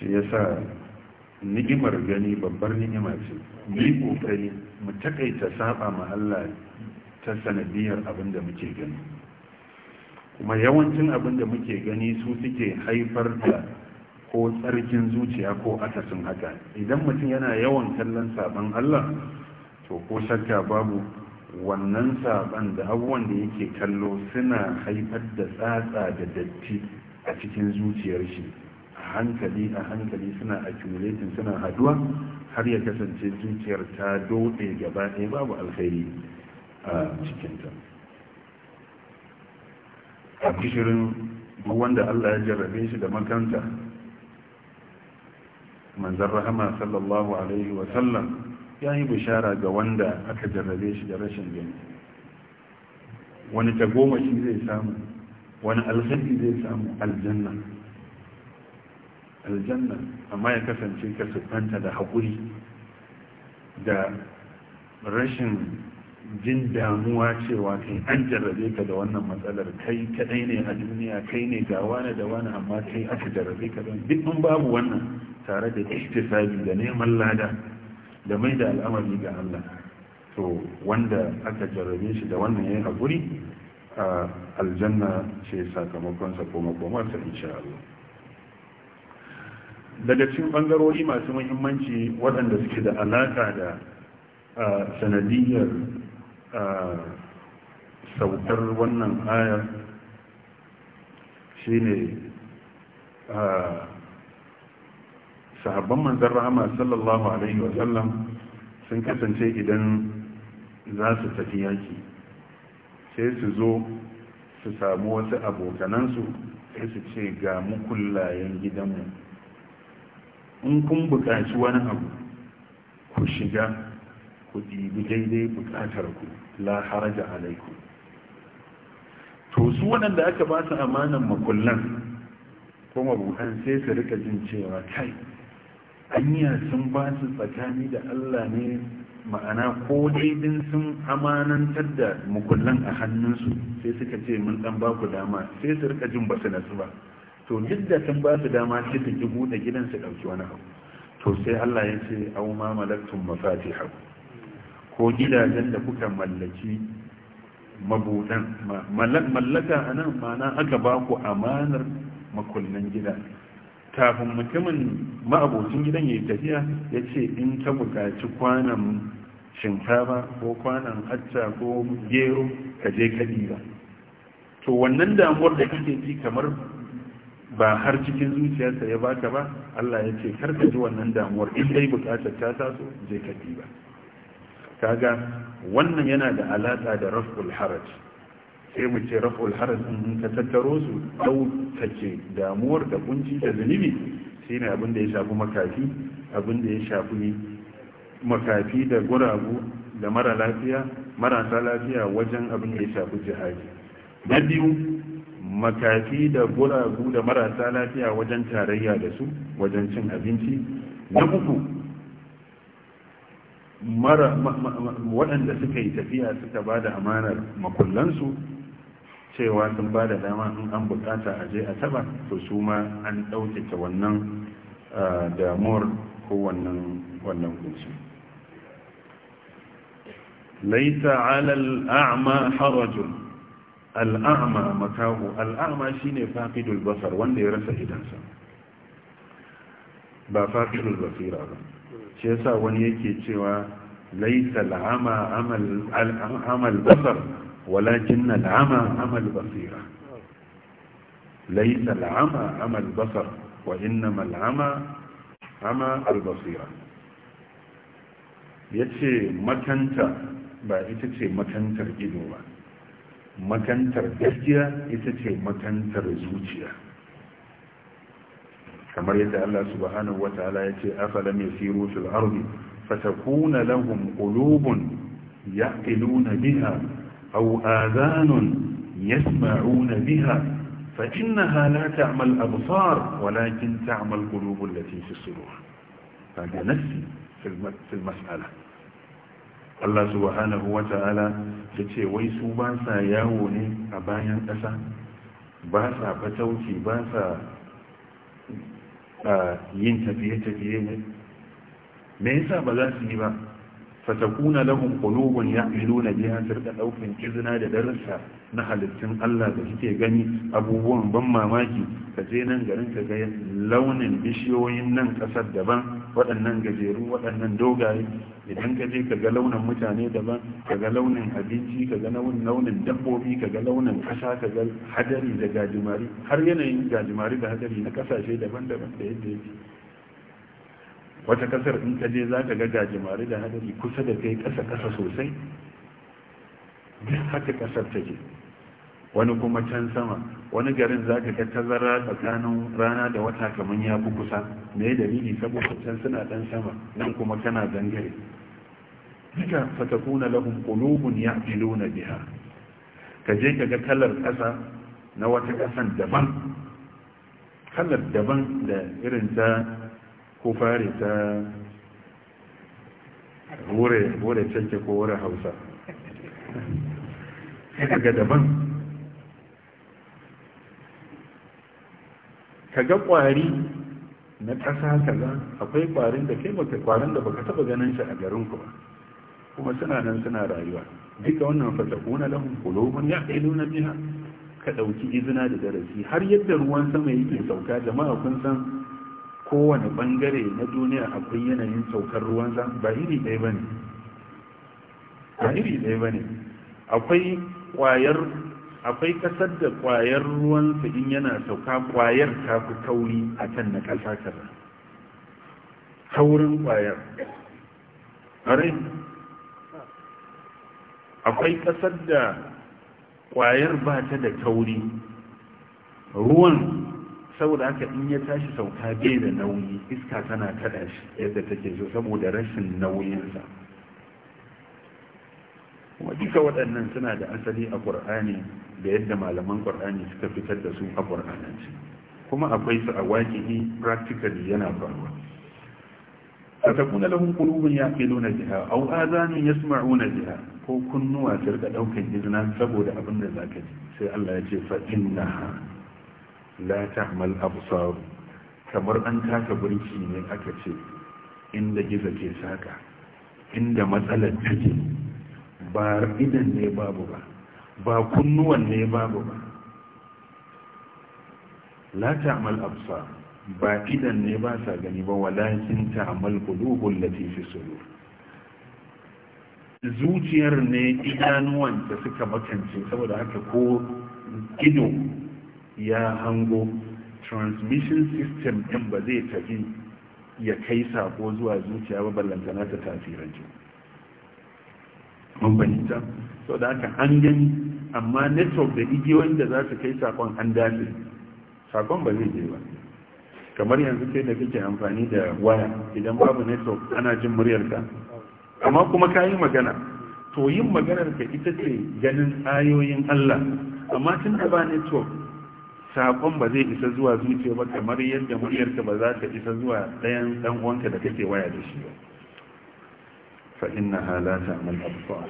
shi ya sa ni'imar gani babbar ni'ima ce mu yi mu taƙaita saba ma Allah ta sanadiyar abin da muke gani kuma yawancin abin da muke gani su suke haifar da ko tsarkin zuciya ko akasin haka idan mutum yana yawan kallon saban Allah to ko shakka babu wannan saban da abubuwan da yake kallo suna haifar da tsatsa da datti a cikin zuciyar shi a hankali a hankali suna accumulating suna haduwa har ya kasance zuciyar ta dode gaba ɗaya babu alkhairi a cikinta a bishirin duk wanda allah ya jarrabe shi da makanta manzan rahama sallallahu alaihi wasallam ya yi bishara ga wanda aka jarrabe shi da rashin gani wani shi zai samu wani alkhairi zai samu aljanna aljanna amma ya kasance ka siffanta da haƙuri da rashin jin damuwa cewa kai an jarrabe ka da wannan matsalar kai kaɗai ne a duniya kai ne ga wani da wani amma kai aka jarrabe ka don duk in babu wannan tare da ikhtisabi da neman lada da mai da al'amari ga Allah to wanda aka jarrabe shi da wannan yayin haƙuri aljanna ce sakamakonsa koma sa insha Allah daga cikin bangarori masu muhimmanci waɗanda suke da alaƙa da sanadiyar sautar wannan ayar shine sahabban manzan rahama sallallahu alaihi wasallam sun kasance idan za su tafi yaki sai su zo su samu wasu abokanansu sai su ce ga mukullayen gidanmu in kun buƙaci wani abu ku shiga ku ɗibi daidai buƙatar ku la haraja alaikum to su waɗanda aka ba su amanan makullan ko mabukan sai su rika jin cewa kai anya sun ba su tsakani da Allah ne ma'ana ko daidin sun amanantar da mukullan a hannunsu sai suka ce mun ɗan ba ku dama sai su rika jin ba su nasu ba to duk da sun ba su dama sai su ki buɗe gidan su ɗauki wani abu to sai Allah ya ce au ma malaktum mafatiha ko gidajen da kuka mallaki mabudan mallaka anan mana aka ba ku amanar makullin gida kafin mutumin ma'abocin gidan ya yi tafiya ya ce in ta buƙaci kwanan shinkafa ko kwanan hacca ko gero kaje je ka to wannan damuwar da kake ji kamar ba har cikin zuciyarsa ya baka ba Allah ya ce kar ka ji wannan damuwar in dai bukatar ta taso je ka diba kaga wannan yana da alaka da raf'ul haraj sai mu ce raf'ul haraj in ka tattaro su take damuwar da kunci da zunubi shine abin da ya shafi makafi abin da ya shafi makafi da guragu da mara lafiya marasa lafiya wajen abin da ya shafi jihadi na biyu makafi da guragu da marasa lafiya wajen tarayya da su wajen cin abinci na uku waɗanda suka yi tafiya suka ba da amanar makullansu cewa sun ba da dama in an bukata a je a taba to su ma an ɗaukake wannan damuwar ko wannan wannan kunshi laisa alal a'ma harajun al'a'ma makahu al'a'ma shine faqidul basar wanda ya rasa idansa ba faqidul basira ba shi yasa wani yake cewa laysa al'ama amal basar walakin al'ama amal basira laysa al'ama amal basar wa innama al'ama ama basira yace makanta, ba ita ce makantar ido ba makantar gaskiya ita ce makantar zuciya kamar yadda Allah subhanahu wataala yace afalam yasiru fil ardi fatakuna lahum qulubun yaqiluna biha aw adhanun yasma'una biha fa innaha la ta'mal absar walakin ta'mal qulubul lati fi sudur hada nafsi fil al-mas'ala Allah subhanahu wa ta'ala ya ce wai su ba sa yawo ne a bayan ƙasa ba sa fatauci ba sa yin tafiye-tafiye ne me yasa ba za su yi ba fatakuna lahum qulubun ya'maluna biha sirka daukin izina da darussa na halittun Allah da suke gani abubuwan ban mamaki ka je nan garin ka ga launin bishiyoyin nan kasar daban waɗannan gajeru waɗannan dogaye idan ka je ka ga launin mutane daban ka ga launin abinci ka ga launin dabbobi ka ga launin ƙasa ka ga hadari da gajimari har yanayin gajimari da hadari na ƙasashe daban-daban da yadda yake wata kasar in ka je za ka ga gajimare da hadari kusa da kai kasa kasa sosai duk haka kasar take wani kuma can sama wani garin za ka ga tazara tsakanin rana da wata kamar ya fi kusa me dalili saboda can suna dan sama nan kuma kana dangare duka fatakuna lahum qulubun ya'qiluna biha ka je ka ga kalar kasa na wata kasan daban kalar daban da irin ta ko fari ta wure Canke ko wure hausa ga daban ka ga kwari na ƙasa kaza akwai kwarin da kai baka kwarin da baka taba ganin shi a garin ku ba kuma suna nan suna rayuwa duka wannan fatakuna lahum qulubun yaqiluna biha ka dauki izina da darasi har yadda ruwan sama yake sauka jama'a kun san kowane bangare na duniya akwai yanayin saukar ruwan ruwansa ba iri ɗaya ba ne ba iri ɗaya ba ne akwai ƙwayar akwai ƙasar da ƙwayar ruwansa in yana sauka ƙwayar ta fi kauri a can na ƙasa kaza kaurin ƙwayar akwai ƙasar da ƙwayar ba ta da kauri ruwan saboda haka in ya tashi sauka bai da nauyi iska tana kaɗa shi yadda take zo saboda rashin nauyinsa kuma duka waɗannan suna da asali a ƙur'ani da yadda malaman ƙur'ani suka fitar da su a ƙur'ananci kuma akwai su a waƙi'i practically yana faruwa فتكون لهم قلوب يعقلون بها او اذان na jiha ko kunnuwa sirka ɗaukar izina saboda abin da zaka ji sai Allah ya ce fa innaha la ta'mal absar kamar an taka burki ne aka ce inda gizo ke saka inda matsalar take ba idan ne babu ba ba kunnuwan ne babu ba la ta'mal absar ba idan ne ba sa gani ba walakin ta'mal qulubul lati fi sudur zuciyar ne idanuwan da suka makance saboda haka ko ido ya hango transmission system ɗin ba zai tafi ya kai sako zuwa zuciya ba ballantana ta tafirance mun fahimta so da haka an gani amma network da igiyoyin da za su kai sakon an dace sakon ba zai je ba kamar yanzu kai da kake amfani da waya idan babu network ana jin muryarka amma kuma ka yi magana to yin maganar ka ita ce ganin ayoyin Allah amma tun da ba network sakon ba zai isa zuwa zuciya ba kamar yadda muryarka ba za ta isa zuwa ɗayan ɗan uwanka da kake waya da shi ba fa innaha la ta'mal absar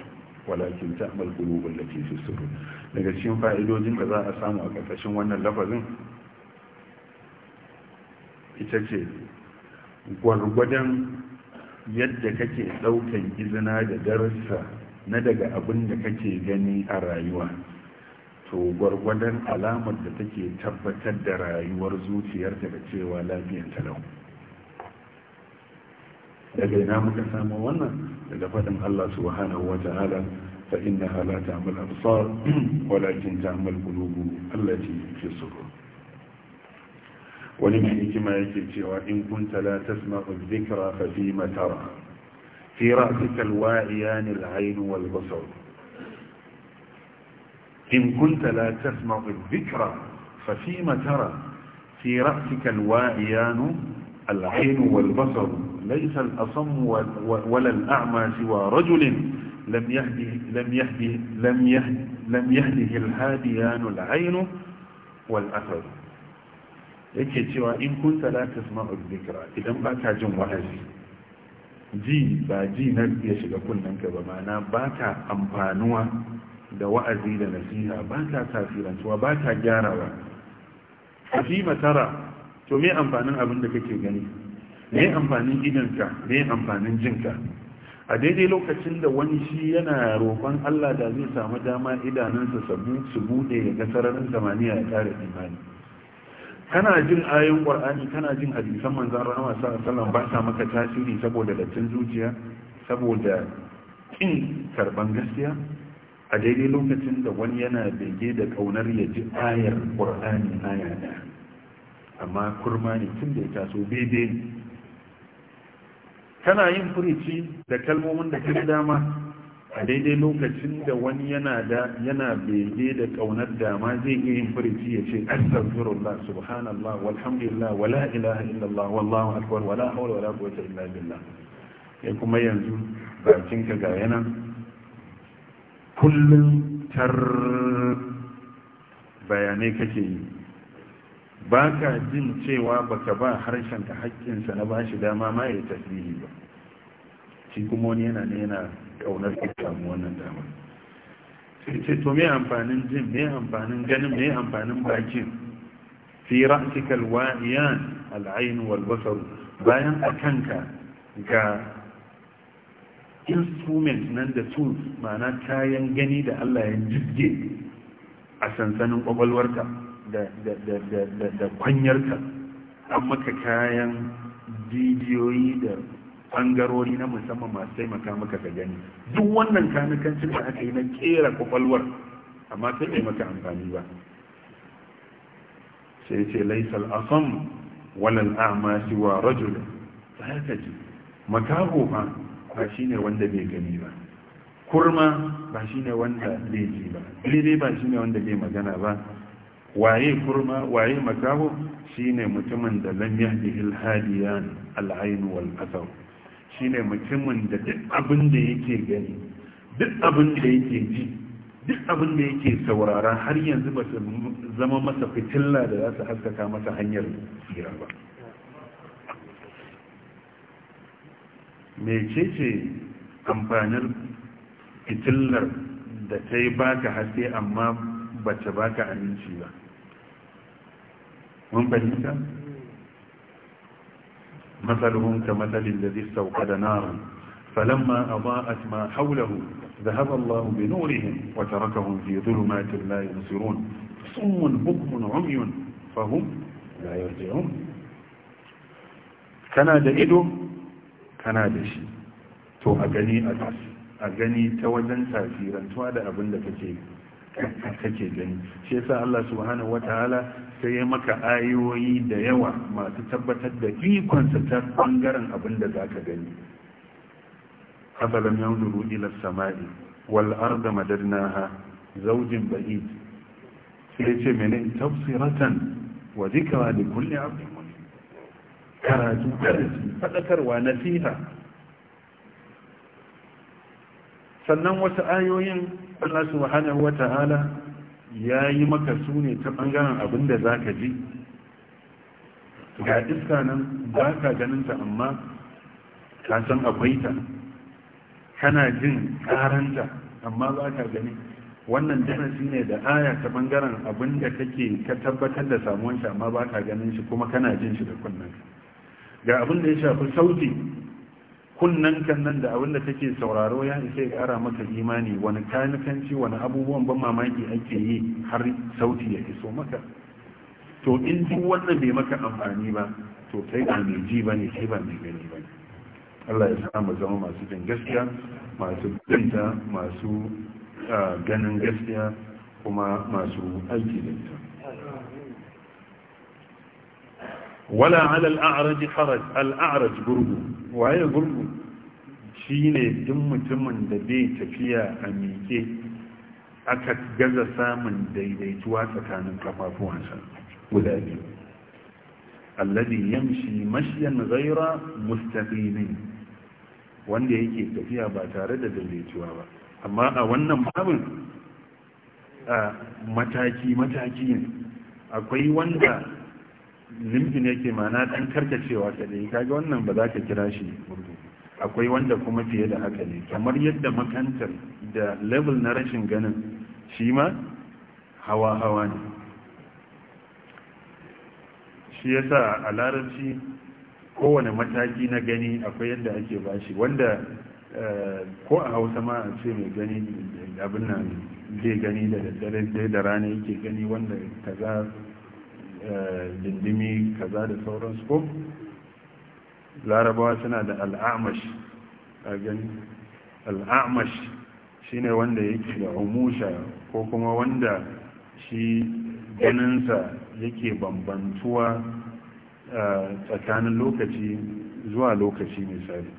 walakin ta'mal qulub allati fi sudur daga cikin fa'idojin da za a samu a ƙarƙashin wannan lafazin ita ce gwargwadon yadda kake ɗaukan izina da darussa na daga abin da kake gani a rayuwa to gwargwadon alamar da take tabbatar da rayuwar zuciyarta da cewa lafiyar lau daga ina muka samu wannan daga faɗin Allah subhanahu wa ta'ala fa innaha la ta'mal absar walakin ta'mal qulub allati fi sudur wani mai hikima yake cewa in kunta la tasma'u dhikra fa fi ma fi ra'sika al-wa'iyan al-'ayn wal basar إن كنت لا تسمع الذكر ففيما ترى في رأسك الوائيان العين والبصر ليس الأصم ولا الأعمى سوى رجل لم يهده لم يهده لم يهده لم يهده الهاديان العين والأثر yake cewa إن كنت لا تسمع الذكرى إذا ما تعجم jin جي ji ba ji na ya shiga kunnen ka ba da wa'azi da nasiha ba ta tasirantuwa ba ta gyarawa fi matara to me amfanin abin da kake gani me amfanin idanka me amfanin jinka a daidai lokacin da wani shi yana roƙon Allah da zai samu dama idanunsa su bude ya ga sararin zamaniya ya kare imani kana jin ayoyin qur'ani kana jin hadisan manzon rahama sallallahu alaihi ba sa maka tasiri saboda dattin zuciya saboda ƙin karban gaskiya a daidai lokacin da wani yana bege da kaunar ya ji ayar ƙwar'ani aya ɗaya amma kurma ne tun da ya taso bebe. ne kana yin furici da kalmomin da ka dama a daidai lokacin da wani yana da yana bege da kaunar dama zai iya yin furici ya ce astaghfirullah subhanallah walhamdulillah wala ilaha illallah wallahu akbar wala hawla wala quwwata illa billah kai kuma yanzu bakin ka ga yana kullum tar bayanai kake yi ba ka jin cewa baka ba harshen ka haƙƙinsa na bashi dama ma ya tasbihi ba shi kuma wani yana ne yana ƙaunar ke samu wannan dama sai ce to me amfanin jin me amfanin ganin me amfanin bakin fi ra'sikal wa'iyan al'ainu wal basaru bayan a kanka ga instrument nan da tools ma'ana kayan gani da Allah ya jibge a sansanin kwakwalwarka da kwanyarka an maka kayan bidiyoyi da ɓangarori na musamman masu taimaka maka ka gani duk wannan kanukancin da aka yi na kera kwakwalwar amma sai bai maka amfani ba sai ce laisal asam walal a'ma siwa rajul ta haka ji makaho ma ba shi ne wanda bai gani ba kurma ba shi ne wanda bai ji ba lili ba shi ne wanda bai magana ba waye kurma waye makaho shi ne mutumin da lam yahdihil hadiyan al'ain wal basar shi ne mutumin da duk abin da yake gani duk abin da yake ji duk abin da yake saurara har yanzu ba su zama masa fitilla da za su haskaka masa hanyar tsira ba mece ce amfanin fitillar da ta yi baka haske amma ba ta baka aminci ba mun fahimta matsalhun ta matsalin da zai sauka da naran falon ma a ba a ma haularu allahu bai nori hin wata raka hun fiye zuru matin layin sirun sun mun hukumun rumiyun fahun layar jihun kana da ido kana da shi to a gani a gani ta wajen tasirantuwa da abin da kake kake gani shi yasa Allah subhanahu wataala sai ya maka ayoyi da yawa masu tabbatar da ikonsa ta bangaren abin da zaka gani afalam yanzuru ila samai wal arda madarnaha zawjin ba'id sai ce mene tafsiratan wa dhikra li kulli abd karatu darasi faɗakarwa nasiha sannan wasu ayoyin Allah subhanahu wa ta'ala ya yi maka su ne ta ɓangaren abin da za ka ji ga iska nan ba ka ganinta amma ka san akwai ta kana jin karanta amma ba ka gani wannan darasi ne da aya ta ɓangaren abin da kake ka tabbatar da samuwanci amma ba ka ganin shi kuma kana jin shi da kunnen ga abin da ya shafi sauti kunnen kan nan da abin da take sauraro ya isa ya kara maka imani wani kanikanci wani abubuwan ban mamaki ake yi har sauti ya iso maka to in duk wannan bai maka amfani ba to kai ba mai ji ba ne kai ba mai gani ba Allah ya sa mu zama masu jin gaskiya masu binta masu ah, ganin gaskiya kuma masu aiki da ita wala ala al'araji gurgu waye gurgu shine duk mutumin da bai tafiya a miƙe aka gaza samun daidaituwa tsakanin kafafuwansa guda biyu alladhi yamshi mashyan ghayra mustaqimin wanda yake tafiya ba tare da daidaituwa ba amma a wannan babin a mataki mataki akwai wanda ne yake mana dan karkacewa ta dai kaga wannan ba za ka kira shi akwai wanda kuma fiye da haka ne kamar yadda makantar da level na rashin ganin shi ma hawa hawa ne shi yasa a larabci kowane mataki na gani akwai yadda ake bashi wanda eh, ko a hausa ma a ce mai gani abin nan zai gani da daddare da rana yake gani wanda kaza dindimi kaza da sauransu ko larabawa suna da al'amash a gani al'amash ne wanda yake da umusha ko kuma wanda shi ganinsa yake bambantuwa tsakanin lokaci zuwa lokaci misali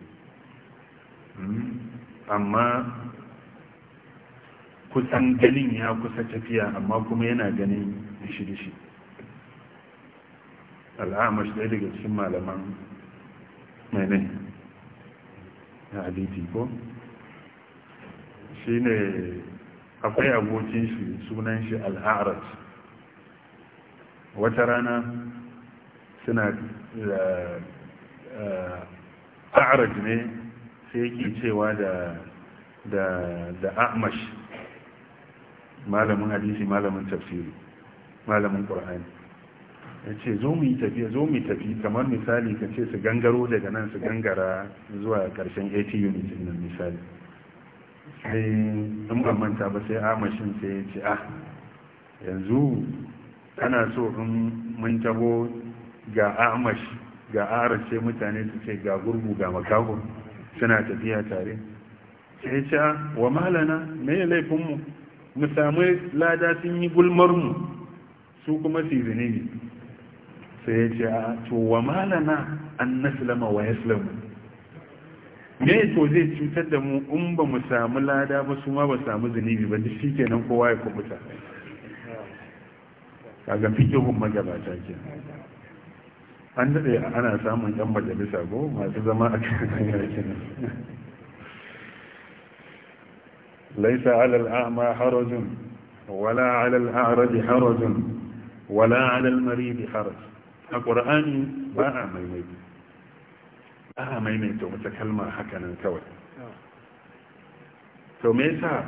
hmm? amma kusan ganin ya kusa tafiya amma kuma yana ganin dishi-dishi al'amash ɗaya daga cikin malaman mene na hadisi ko shi ne akwai abokin shi sunan shi al'arat wata rana suna a'araj eh, eh, ne sai yake cewa da da amash malamin hadisi malamin tafsiri malamin ƙur'ani ya ce zo mu yi tafiya zo mu yi tafi kamar misali ka ce su gangaro daga nan su gangara zuwa karshen at unit nan misali sai in ba manta ba sai amashin sai ya ce ah yanzu ana so in mun taho ga amash ga arace mutane su ce ga gurgu ga makaho suna tafiya tare sai ce ah, wa malana me laifinmu mu samu lada sun yi gulmarmu su kuma su yi sai ya ce a to wa malana an naslama wa yaslamu me to zai cutar da mu in ba mu samu lada ba su ma ba samu zunubi ba duk shikenan kowa ya kubuta kaga fikihun magabata ke an daɗe ana samun ɗan majalisa ko masu zama a cikin yankin laisa alal a'ma harajun wala alal a'raji harajun wala alal maridi harajun a ƙur'ani ba a maimaita ba a maimaita wata kalma hakanan kawai to me yasa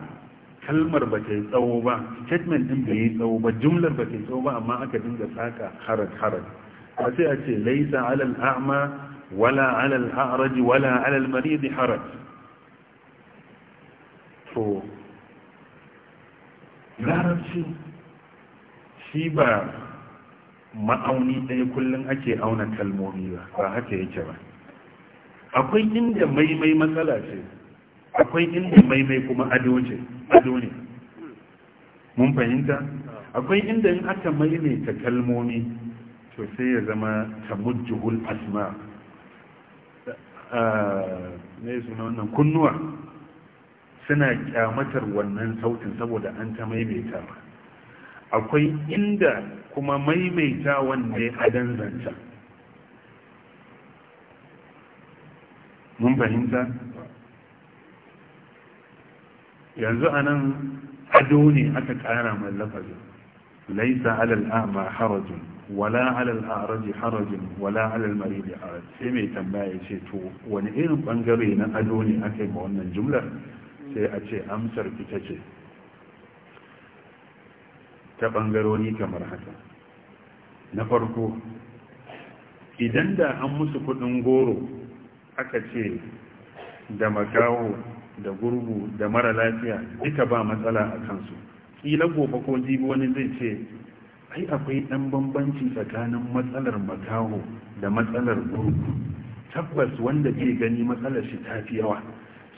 kalmar ba ta yi tsawo ba statement din bai yi tsawo ba jumlar ba ta yi tsawo ba amma aka dinga saka harar-harar a sai a ce laisa alal a'ma wala alal a'raj wala alal marid harar to larabci shi ba ma'auni ɗaya kullum ake auna kalmomi ba ba haka yake ba akwai inda maimai matsala ce akwai inda maimai kuma ado ce ado ne mun fahimta akwai inda in aka maimaita kalmomi to sai ya zama ta mujjuhul asma ne ah, suna wannan kunnuwa suna kyamatar wannan sautin saboda an ta maimaita ba akwai inda kuma maimaita wanda ya adan mun fahimta yanzu a nan ado ne aka ƙara mai laisa alal a'ma harajin, wala alal a'raji harajin wala alal maridi sai mai tambaya ce to wani irin bangare na ado ne aka yi ma wannan jumlar sai a ce amsar ita ce ta ɓangaroni kamar haka na farko idan da an musu kudin goro aka ce da makawo da gurgu da mara lafiya duka ba matsala a kansu ƙila gobe ko jibi wani zai ce ai akwai ɗan bambanci tsakanin matsalar makaho da matsalar gurgu tabbas wanda ke gani matsalar shi ta fi yawa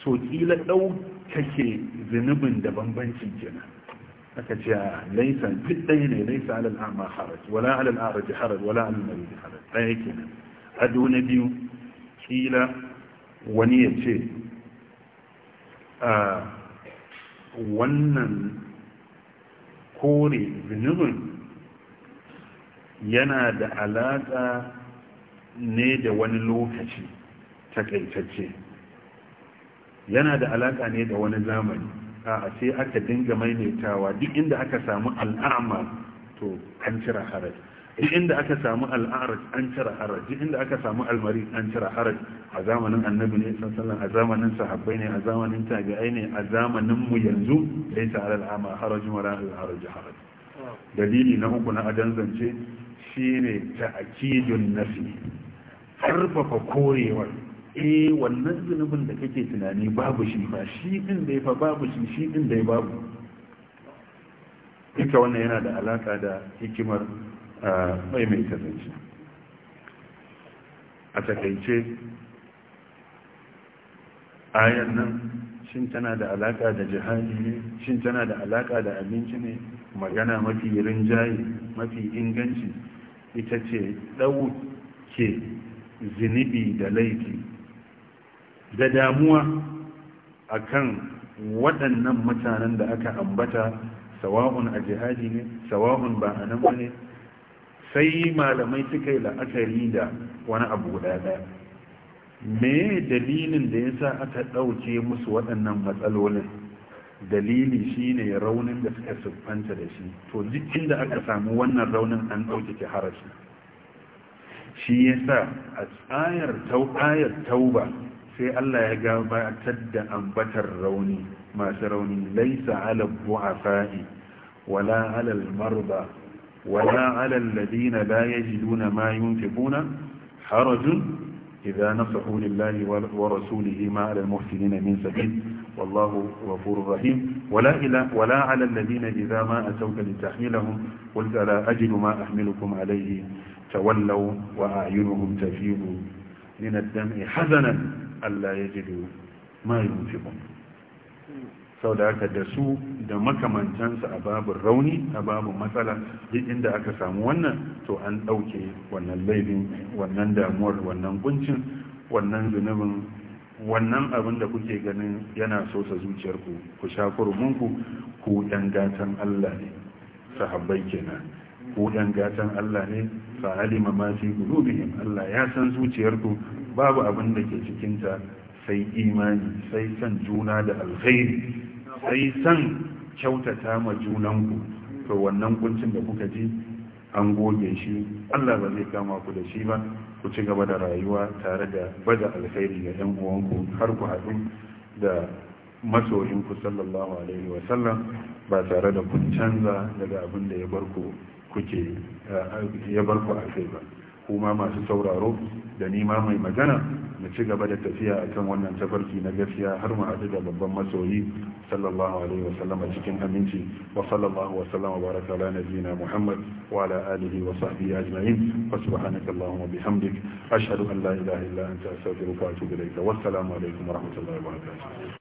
so ƙila kake zunubin da bambancin kenan aka ce ah, laisa duk ɗaya ne laisa alal a'ma haraj wala alal a'raj haraj wala alal marid haraj ɗaya kenan ado na biyu kila wani ya ce a ah, wannan kore zunubin yana da alaƙa ne da wani lokaci takaitacce yana da alaƙa ne da wani zamani a sai aka dinga maimaitawa duk inda aka samu al'ama to an cira haraj duk inda aka samu al'araj an cira haraj duk inda aka samu almari an cira haraj a zamanin annabi ne sallallahu a zamanin sahabbai ne a zamanin tabi'ai ne a zamanin mu yanzu laysa alal ama haraj wala al haraj haraj dalili na uku na adan zance shine ta'kidun nafi karfafa korewar eh wannan zunubin da kake tunani babu shi ba shi din da ya fa babu shi shi din da ya babu duka wannan yana da alaka da hikimar mai mai kasance a takaice ayan nan shin tana da alaka da jihadi ne shin tana da alaka da abinci ne magana mafi rinjaye mafi inganci ita ce ɗauke zinibi da laifi da damuwa a kan waɗannan mutanen da aka ambata sawa'un a jihadi ne sawa'un ba a nan ne sai malamai suka yi la'akari da wani abu guda ɗaya me dalilin da ya sa aka ɗauke musu waɗannan matsalolin dalili shine raunin da suka siffanta da shi to jikin da aka samu wannan raunin an ɗauke harashi shi ya sa a tsayar tauba sai Allah ya gabatar da ambatar rauni masu rauni laisa ala bu'afa'i wala ala marba wala ala alladhina la yajiduna ma yunfiquna haraj idza nasahu lillahi wa rasulihi ma ala almuhsinina min sabil wallahu والله غفور رحيم ولا, إلى ولا على الذين إذا ما أتوك لتحملهم قلت لا أجد ما أحملكم عليه تولوا وأعينهم تفيض من الدمع حزنا Allah ya ji jidu mai yunfiqun sau da haka da su da makamantansu a babu rauni a babu matsala duk inda aka samu wannan to an ɗauke wannan laifin wannan damuwar wannan kuncin wannan zunubin wannan abin da kuke ganin yana so sa zuciyarku ku sha kurminku ku ɗan gatan Allah ne sahabbai kenan ku ɗan gatan Allah ne fa alima ma fi qulubihim Allah ya san zuciyarku babu abin da ke cikinta sai imani sai san juna da alkhairi sai san kyautata ma junanku to wannan kuncin da kuka ji an goge shi Allah ba zai kama ku da shi ba ku ci gaba da rayuwa tare da bada alkhairi ga yan uwanku har ku haɗu da masoyinku sallallahu alaihi wa sallam ba tare da kun canza daga abin da ya barku kuke eh, ya barku a kai ba kuma masu sauraro da nima mai magana mu ci gaba da tafiya akan wannan tafarki na gaskiya har mu haɗu da babban masoyi sallallahu alaihi wa sallam a cikin aminci wa sallallahu wa sallam wa baraka ala nabiyyina muhammad wa ala alihi wa sahbihi ajma'in wa subhanaka allahumma bihamdik ashhadu an la ilaha illa anta astaghfiruka wa atubu ilayka wassalamu alaikum wa rahmatullahi wa barakatuh